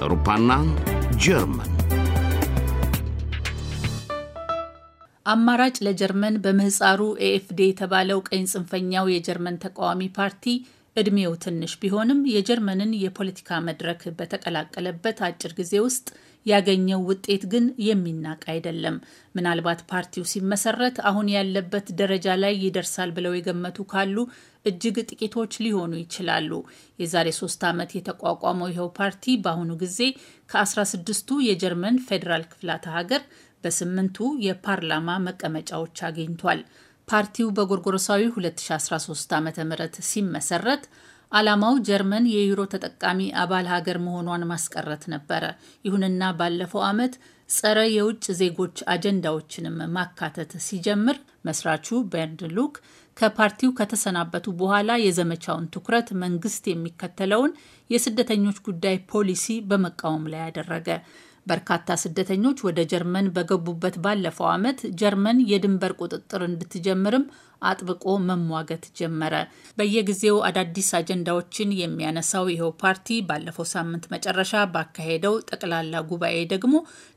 አውሮፓና ጀርመን አማራጭ ለጀርመን በምህፃሩ ኤኤፍዴ የተባለው ቀኝ ጽንፈኛው የጀርመን ተቃዋሚ ፓርቲ እድሜው ትንሽ ቢሆንም የጀርመንን የፖለቲካ መድረክ በተቀላቀለበት አጭር ጊዜ ውስጥ ያገኘው ውጤት ግን የሚናቅ አይደለም። ምናልባት ፓርቲው ሲመሰረት አሁን ያለበት ደረጃ ላይ ይደርሳል ብለው የገመቱ ካሉ እጅግ ጥቂቶች ሊሆኑ ይችላሉ። የዛሬ ሶስት ዓመት የተቋቋመው ይኸው ፓርቲ በአሁኑ ጊዜ ከ16ቱ የጀርመን ፌዴራል ክፍላተ ሀገር በስምንቱ የፓርላማ መቀመጫዎች አግኝቷል። ፓርቲው በጎርጎረሳዊ 2013 ዓ ም ሲመሰረት ዓላማው ጀርመን የዩሮ ተጠቃሚ አባል ሀገር መሆኗን ማስቀረት ነበረ። ይሁንና ባለፈው ዓመት ጸረ የውጭ ዜጎች አጀንዳዎችንም ማካተት ሲጀምር መስራቹ በርንድ ሉክ ከፓርቲው ከተሰናበቱ በኋላ የዘመቻውን ትኩረት መንግስት የሚከተለውን የስደተኞች ጉዳይ ፖሊሲ በመቃወም ላይ አደረገ። በርካታ ስደተኞች ወደ ጀርመን በገቡበት ባለፈው ዓመት ጀርመን የድንበር ቁጥጥር እንድትጀምርም አጥብቆ መሟገት ጀመረ። በየጊዜው አዳዲስ አጀንዳዎችን የሚያነሳው ይኸው ፓርቲ ባለፈው ሳምንት መጨረሻ ባካሄደው ጠቅላላ ጉባኤ ደግሞ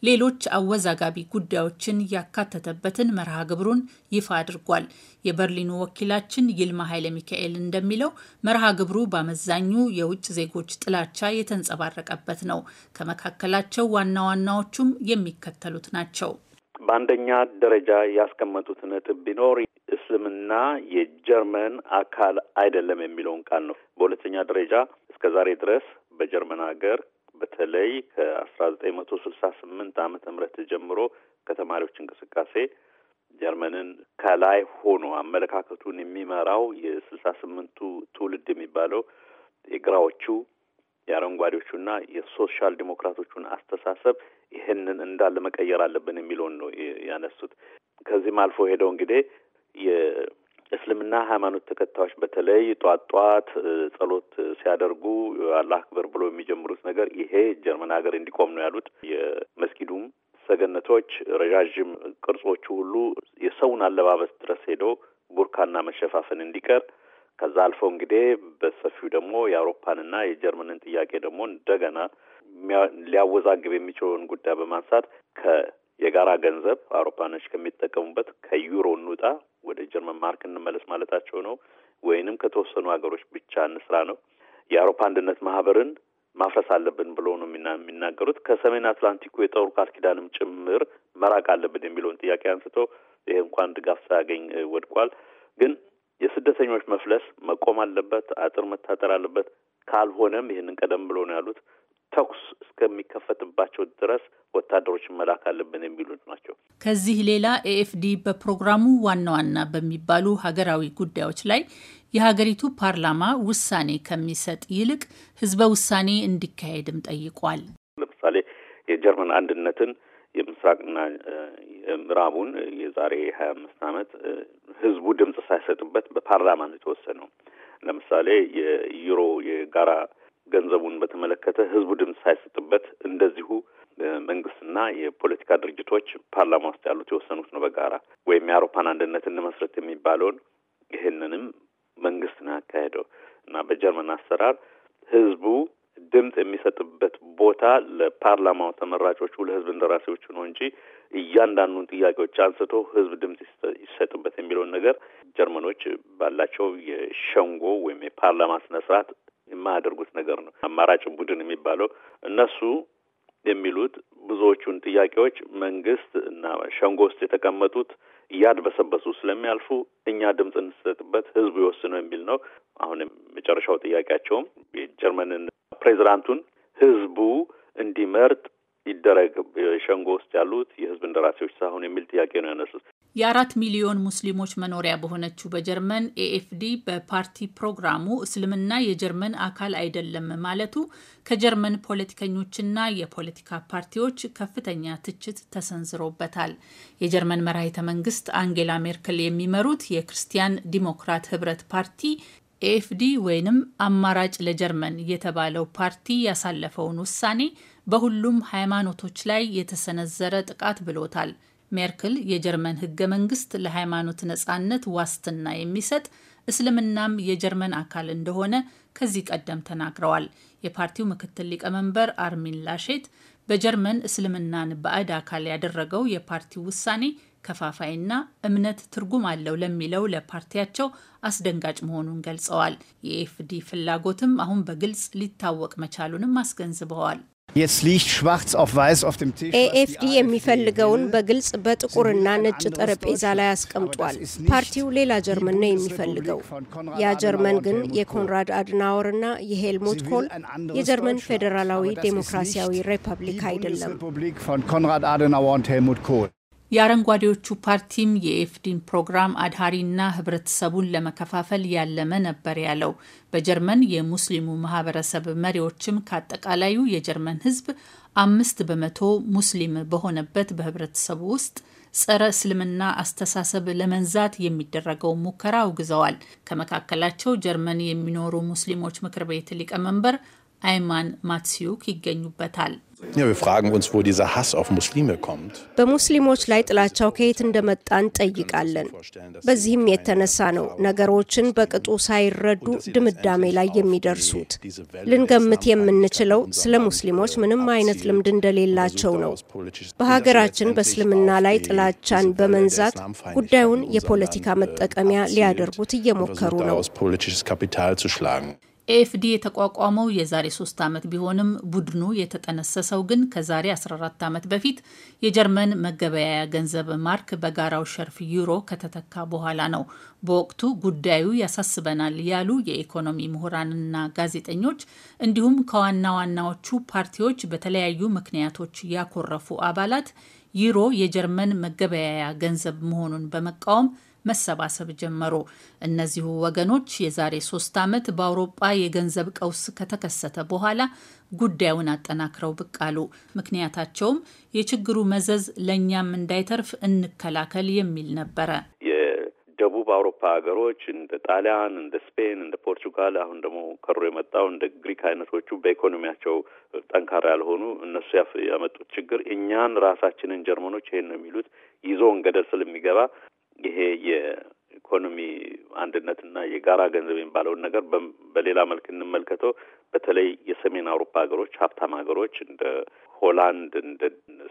ሌሎች አወዛጋቢ ጉዳዮችን ያካተተበትን መርሃ ግብሩን ይፋ አድርጓል። የበርሊኑ ወኪላችን ይልማ ኃይለ ሚካኤል እንደሚለው መርሃ ግብሩ በአመዛኙ የውጭ ዜጎች ጥላቻ የተንጸባረቀበት ነው። ከመካከላቸው ዋና ዋናዎቹም የሚከተሉት ናቸው። በአንደኛ ደረጃ ያስቀመጡት ነጥብ ቢኖር እስልምና የጀርመን አካል አይደለም የሚለውን ቃል ነው። በሁለተኛ ደረጃ እስከ ዛሬ ድረስ በጀርመን ሀገር በተለይ ከአስራ ዘጠኝ መቶ ስልሳ ስምንት ዓመተ ምህረት ጀምሮ ከተማሪዎች እንቅስቃሴ ጀርመንን ከላይ ሆኖ አመለካከቱን የሚመራው የስልሳ ስምንቱ ትውልድ የሚባለው የግራዎቹ የአረንጓዴዎቹና የሶሻል ዲሞክራቶቹን አስተሳሰብ ይህንን እንዳለ መቀየር አለብን የሚለውን ነው ያነሱት። ከዚህም አልፎ ሄደው እንግዲህ የእስልምና ሃይማኖት ተከታዮች በተለይ ጧት ጧት ጸሎት ሲያደርጉ አላህ አክበር ብሎ የሚጀምሩት ነገር ይሄ ጀርመን ሀገር እንዲቆም ነው ያሉት። የመስጊዱም ሰገነቶች ረዣዥም ቅርጾቹ ሁሉ የሰውን አለባበስ ድረስ ሄደው ቡርካና መሸፋፈን እንዲቀር ከዛ አልፎ እንግዲህ በሰፊው ደግሞ የአውሮፓንና የጀርመንን ጥያቄ ደግሞ እንደገና ሊያወዛግብ የሚችለውን ጉዳይ በማንሳት የጋራ ገንዘብ አውሮፓኖች ከሚጠቀሙበት ከዩሮ እንውጣ ወደ ጀርመን ማርክ እንመለስ ማለታቸው ነው፣ ወይንም ከተወሰኑ ሀገሮች ብቻ እንስራ ነው። የአውሮፓ አንድነት ማህበርን ማፍረስ አለብን ብሎ ነው የሚናገሩት። ከሰሜን አትላንቲኩ የጦር ቃል ኪዳንም ጭምር መራቅ አለብን የሚለውን ጥያቄ አንስቶ ይሄ እንኳን ድጋፍ ሳያገኝ ወድቋል። ግን የስደተኞች መፍለስ መቆም አለበት፣ አጥር መታጠር አለበት። ካልሆነም ይህንን ቀደም ብሎ ነው ያሉት ተኩስ እስከሚከፈትባቸው ድረስ ወታደሮች መላክ አለብን የሚሉ ናቸው። ከዚህ ሌላ ኤኤፍዲ በፕሮግራሙ ዋና ዋና በሚባሉ ሀገራዊ ጉዳዮች ላይ የሀገሪቱ ፓርላማ ውሳኔ ከሚሰጥ ይልቅ ህዝበ ውሳኔ እንዲካሄድም ጠይቋል። ለምሳሌ የጀርመን አንድነትን የምስራቅና የምዕራቡን የዛሬ ሀያ አምስት ዓመት ህዝቡ ድምጽ ሳይሰጥበት በፓርላማ ነው የተወሰነው። ለምሳሌ የዩሮ የጋራ ገንዘቡን በተመለከተ ህዝቡ ድምፅ ሳይሰጥበት እንደዚሁ መንግስትና የፖለቲካ ድርጅቶች ፓርላማ ውስጥ ያሉት የወሰኑት ነው በጋራ ወይም የአውሮፓን አንድነት እንመስረት የሚባለውን ይህንንም መንግስት ነው ያካሄደው እና በጀርመን አሰራር ህዝቡ ድምፅ የሚሰጥበት ቦታ ለፓርላማው ተመራጮቹ ለህዝብ እንደራሴዎቹ ነው እንጂ እያንዳንዱን ጥያቄዎች አንስቶ ህዝብ ድምፅ ይሰጥበት የሚለውን ነገር ጀርመኖች ባላቸው የሸንጎ ወይም የፓርላማ ስነስርዓት። የማያደርጉት ነገር ነው። አማራጭ ቡድን የሚባለው እነሱ የሚሉት ብዙዎቹን ጥያቄዎች መንግስት እና ሸንጎ ውስጥ የተቀመጡት እያድበሰበሱ ስለሚያልፉ እኛ ድምፅ እንሰጥበት ህዝቡ ይወስነው የሚል ነው። አሁን የመጨረሻው ጥያቄያቸውም የጀርመንን ፕሬዚዳንቱን ህዝቡ እንዲመርጥ ይደረግ፣ ሸንጎ ውስጥ ያሉት የህዝብ እንደራሴዎች ሳይሆን የሚል ጥያቄ ነው ያነሱት። የአራት ሚሊዮን ሙስሊሞች መኖሪያ በሆነችው በጀርመን ኤኤፍዲ በፓርቲ ፕሮግራሙ እስልምና የጀርመን አካል አይደለም ማለቱ ከጀርመን ፖለቲከኞችና የፖለቲካ ፓርቲዎች ከፍተኛ ትችት ተሰንዝሮበታል። የጀርመን መራሂተ መንግስት አንጌላ ሜርክል የሚመሩት የክርስቲያን ዲሞክራት ህብረት ፓርቲ ኤኤፍዲ ወይንም አማራጭ ለጀርመን የተባለው ፓርቲ ያሳለፈውን ውሳኔ በሁሉም ሃይማኖቶች ላይ የተሰነዘረ ጥቃት ብሎታል። ሜርክል የጀርመን ህገ መንግስት ለሃይማኖት ነጻነት ዋስትና የሚሰጥ እስልምናም የጀርመን አካል እንደሆነ ከዚህ ቀደም ተናግረዋል። የፓርቲው ምክትል ሊቀመንበር አርሚን ላሼት በጀርመን እስልምናን ባዕድ አካል ያደረገው የፓርቲው ውሳኔ ከፋፋይና እምነት ትርጉም አለው ለሚለው ለፓርቲያቸው አስደንጋጭ መሆኑን ገልጸዋል። የኤፍዲ ፍላጎትም አሁን በግልጽ ሊታወቅ መቻሉንም አስገንዝበዋል። Jetzt liegt schwarz auf weiß ኤኤፍዲ የሚፈልገውን በግልጽ በጥቁርና ነጭ ጠረጴዛ ላይ አስቀምጧል። ፓርቲው ሌላ ጀርመን ነው የሚፈልገው። ያ ጀርመን ግን የኮንራድ አድናወርና የሄልሙት ኮል የጀርመን ፌዴራላዊ ዴሞክራሲያዊ ሪፐብሊክ አይደለም። የአረንጓዴዎቹ ፓርቲም የኤፍዲን ፕሮግራም አድሃሪና ህብረተሰቡን ለመከፋፈል ያለመ ነበር ያለው። በጀርመን የሙስሊሙ ማህበረሰብ መሪዎችም ከአጠቃላዩ የጀርመን ህዝብ አምስት በመቶ ሙስሊም በሆነበት በህብረተሰቡ ውስጥ ጸረ እስልምና አስተሳሰብ ለመንዛት የሚደረገው ሙከራ አውግዘዋል። ከመካከላቸው ጀርመን የሚኖሩ ሙስሊሞች ምክር ቤት ሊቀመንበር አይማን ማትሲዩክ ይገኙበታል። በሙስሊሞች ላይ ጥላቻው ከየት እንደመጣ እንጠይቃለን። በዚህም የተነሳ ነው ነገሮችን በቅጡ ሳይረዱ ድምዳሜ ላይ የሚደርሱት። ልንገምት የምንችለው ስለ ሙስሊሞች ምንም አይነት ልምድ እንደሌላቸው ነው። በሀገራችን በእስልምና ላይ ጥላቻን በመንዛት ጉዳዩን የፖለቲካ መጠቀሚያ ሊያደርጉት እየሞከሩ ነው። ኤኤፍዲ የተቋቋመው የዛሬ ሶስት ዓመት ቢሆንም ቡድኑ የተጠነሰሰው ግን ከዛሬ 14 ዓመት በፊት የጀርመን መገበያያ ገንዘብ ማርክ በጋራው ሸርፍ ዩሮ ከተተካ በኋላ ነው። በወቅቱ ጉዳዩ ያሳስበናል ያሉ የኢኮኖሚ ምሁራንና ጋዜጠኞች እንዲሁም ከዋና ዋናዎቹ ፓርቲዎች በተለያዩ ምክንያቶች ያኮረፉ አባላት ዩሮ የጀርመን መገበያያ ገንዘብ መሆኑን በመቃወም መሰባሰብ ጀመሩ። እነዚሁ ወገኖች የዛሬ ሶስት ዓመት በአውሮጳ የገንዘብ ቀውስ ከተከሰተ በኋላ ጉዳዩን አጠናክረው ብቅ አሉ። ምክንያታቸውም የችግሩ መዘዝ ለእኛም እንዳይተርፍ እንከላከል የሚል ነበረ። ደቡብ አውሮፓ ሀገሮች እንደ ጣሊያን፣ እንደ ስፔን፣ እንደ ፖርቱጋል አሁን ደግሞ ከሩ የመጣው እንደ ግሪክ አይነቶቹ በኢኮኖሚያቸው ጠንካራ ያልሆኑ እነሱ ያመጡት ችግር እኛን ራሳችንን ጀርመኖች ይሄን ነው የሚሉት ይዞን ገደል ስለሚገባ ይሄ የኢኮኖሚ አንድነትና የጋራ ገንዘብ የሚባለውን ነገር በሌላ መልክ እንመልከተው። በተለይ የሰሜን አውሮፓ ሀገሮች፣ ሀብታም ሀገሮች እንደ ሆላንድ፣ እንደ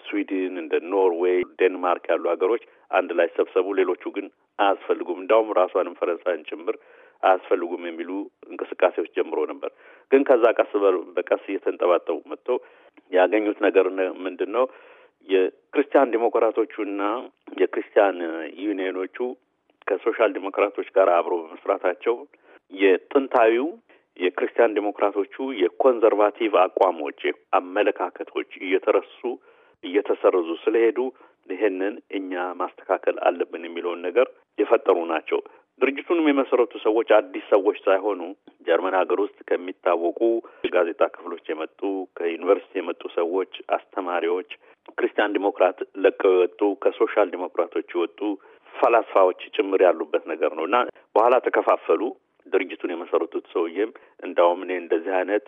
ስዊድን፣ እንደ ኖርዌይ፣ ዴንማርክ ያሉ ሀገሮች አንድ ላይ ሰብሰቡ፣ ሌሎቹ ግን አያስፈልጉም፣ እንዲያውም ራሷንም ፈረንሳይን ጭምር አያስፈልጉም የሚሉ እንቅስቃሴዎች ጀምሮ ነበር። ግን ከዛ ቀስ በቀስ እየተንጠባጠቡ መጥተው ያገኙት ነገር ምንድን ነው? የክርስቲያን ዴሞክራቶቹና የክርስቲያን ዩኒየኖቹ ከሶሻል ዲሞክራቶች ጋር አብሮ በመስራታቸው የጥንታዊው የክርስቲያን ዲሞክራቶቹ የኮንዘርቫቲቭ አቋሞች፣ አመለካከቶች እየተረሱ እየተሰረዙ ስለሄዱ ይህንን እኛ ማስተካከል አለብን የሚለውን ነገር የፈጠሩ ናቸው። ድርጅቱንም የመሰረቱ ሰዎች አዲስ ሰዎች ሳይሆኑ ጀርመን ሀገር ውስጥ ከሚታወቁ ጋዜጣ ክፍሎች የመጡ ከዩኒቨርሲቲ የመጡ ሰዎች፣ አስተማሪዎች፣ ክርስቲያን ዲሞክራት ለቀው የወጡ ከሶሻል ዲሞክራቶች የወጡ ፈላስፋዎች ጭምር ያሉበት ነገር ነው እና በኋላ ተከፋፈሉ። ድርጅቱን የመሰረቱት ሰውዬም እንዳውም እኔ እንደዚህ አይነት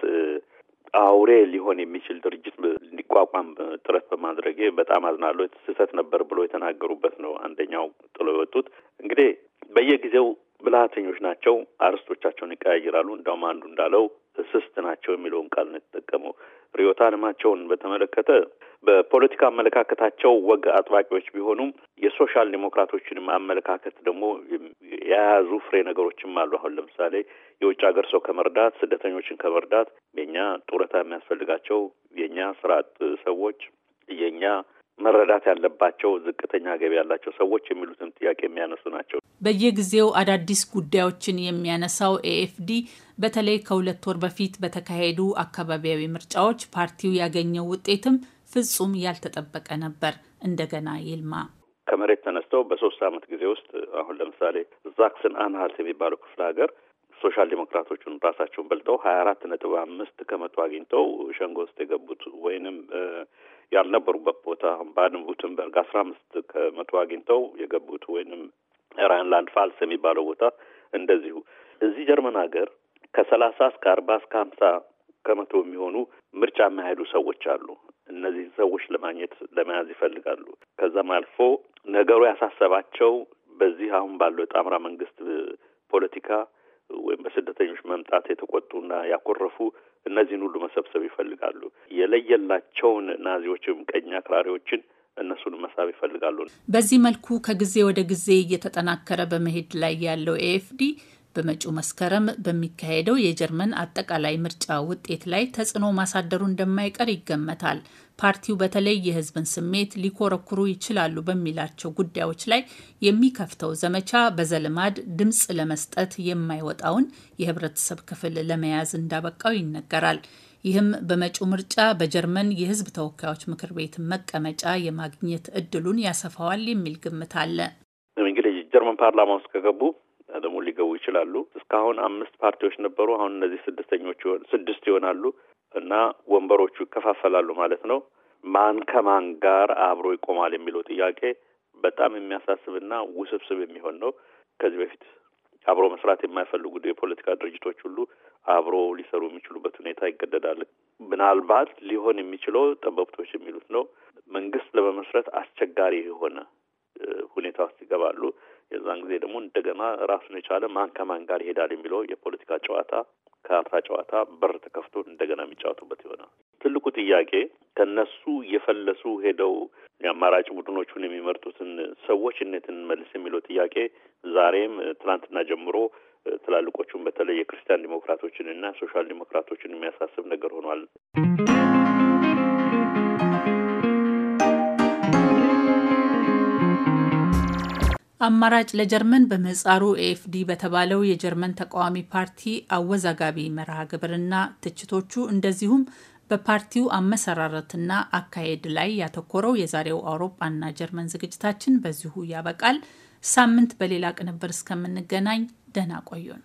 አውሬ ሊሆን የሚችል ድርጅት እንዲቋቋም ጥረት በማድረጌ በጣም አዝናለሁ፣ ስህተት ነበር ብሎ የተናገሩበት ነው። አንደኛው ጥሎ የወጡት እንግዲህ በየጊዜው ብልሃተኞች ናቸው፣ አርስቶቻቸውን ይቀያይራሉ። እንዳውም አንዱ እንዳለው እስስት ናቸው የሚለውን ቃል ነው የተጠቀመው። ርዕዮተ ዓለማቸውን በተመለከተ በፖለቲካ አመለካከታቸው ወግ አጥባቂዎች ቢሆኑም የሶሻል ዴሞክራቶችንም አመለካከት ደግሞ የያዙ ፍሬ ነገሮችም አሉ። አሁን ለምሳሌ የውጭ ሀገር ሰው ከመርዳት ስደተኞችን ከመርዳት የእኛ ጡረታ የሚያስፈልጋቸው የእኛ ስርዓት ሰዎች የእኛ መረዳት ያለባቸው ዝቅተኛ ገቢ ያላቸው ሰዎች የሚሉትን ጥያቄ የሚያነሱ ናቸው። በየጊዜው አዳዲስ ጉዳዮችን የሚያነሳው ኤኤፍዲ በተለይ ከሁለት ወር በፊት በተካሄዱ አካባቢያዊ ምርጫዎች ፓርቲው ያገኘው ውጤትም ፍጹም ያልተጠበቀ ነበር። እንደገና ይልማ ከመሬት ተነስተው በሶስት ዓመት ጊዜ ውስጥ አሁን ለምሳሌ ዛክስን አንሃልት የሚባለው ክፍለ ሀገር ሶሻል ዴሞክራቶቹን ራሳቸውን በልጠው ሀያ አራት ነጥብ አምስት ከመቶ አግኝተው ሸንጎ ውስጥ የገቡት ወይንም ያልነበሩበት ቦታ ባድን ቡትንበርግ አስራ አምስት ከመቶ አግኝተው የገቡት ወይንም ራይንላንድ ፋልስ የሚባለው ቦታ እንደዚሁ እዚህ ጀርመን ሀገር ከሰላሳ እስከ አርባ እስከ ሀምሳ ከመቶ የሚሆኑ ምርጫ የሚያሄዱ ሰዎች አሉ። እነዚህ ሰዎች ለማግኘት ለመያዝ ይፈልጋሉ። ከዛም አልፎ ነገሩ ያሳሰባቸው በዚህ አሁን ባለው የጣምራ መንግስት ፖለቲካ ወይም በስደተኞች መምጣት የተቆጡና ያኮረፉ እነዚህን ሁሉ መሰብሰብ ይፈልጋሉ። የለየላቸውን ናዚዎችም ቀኝ አክራሪዎችን እነሱን መሳብ ይፈልጋሉ። በዚህ መልኩ ከጊዜ ወደ ጊዜ እየተጠናከረ በመሄድ ላይ ያለው ኤኤፍዲ በመጪው መስከረም በሚካሄደው የጀርመን አጠቃላይ ምርጫ ውጤት ላይ ተጽዕኖ ማሳደሩ እንደማይቀር ይገመታል። ፓርቲው በተለይ የሕዝብን ስሜት ሊኮረኩሩ ይችላሉ በሚላቸው ጉዳዮች ላይ የሚከፍተው ዘመቻ በዘልማድ ድምፅ ለመስጠት የማይወጣውን የህብረተሰብ ክፍል ለመያዝ እንዳበቃው ይነገራል። ይህም በመጪው ምርጫ በጀርመን የህዝብ ተወካዮች ምክር ቤት መቀመጫ የማግኘት እድሉን ያሰፋዋል የሚል ግምት አለ። እንግዲህ ጀርመን ፓርላማ ውስጥ ከገቡ ደግሞ ይችላሉ። እስካሁን አምስት ፓርቲዎች ነበሩ። አሁን እነዚህ ስድስተኞች ስድስት ይሆናሉ እና ወንበሮቹ ይከፋፈላሉ ማለት ነው። ማን ከማን ጋር አብሮ ይቆማል የሚለው ጥያቄ በጣም የሚያሳስብና ውስብስብ የሚሆን ነው። ከዚህ በፊት አብሮ መስራት የማይፈልጉ የፖለቲካ ድርጅቶች ሁሉ አብሮ ሊሰሩ የሚችሉበት ሁኔታ ይገደዳል። ምናልባት ሊሆን የሚችለው ጠበብቶች የሚሉት ነው። መንግስት ለመመስረት አስቸጋሪ የሆነ ሁኔታ ውስጥ ይገባሉ። የዛን ጊዜ ደግሞ እንደገና ራሱን የቻለ ማን ከማን ጋር ይሄዳል የሚለው የፖለቲካ ጨዋታ ከአርታ ጨዋታ በር ተከፍቶ እንደገና የሚጫወቱበት ይሆናል። ትልቁ ጥያቄ ከነሱ የፈለሱ ሄደው የአማራጭ ቡድኖቹን የሚመርጡትን ሰዎች እነትን መልስ የሚለው ጥያቄ ዛሬም ትናንትና ጀምሮ ትላልቆቹን በተለይ የክርስቲያን ዲሞክራቶችን እና ሶሻል ዲሞክራቶችን የሚያሳስብ ነገር ሆኗል። አማራጭ ለጀርመን በምህጻሩ ኤኤፍዲ በተባለው የጀርመን ተቃዋሚ ፓርቲ አወዛጋቢ መርሃ ግብርና ትችቶቹ እንደዚሁም በፓርቲው አመሰራረትና አካሄድ ላይ ያተኮረው የዛሬው አውሮፓና ጀርመን ዝግጅታችን በዚሁ ያበቃል። ሳምንት በሌላ ቅንብር እስከምንገናኝ ደህና ቆዩን።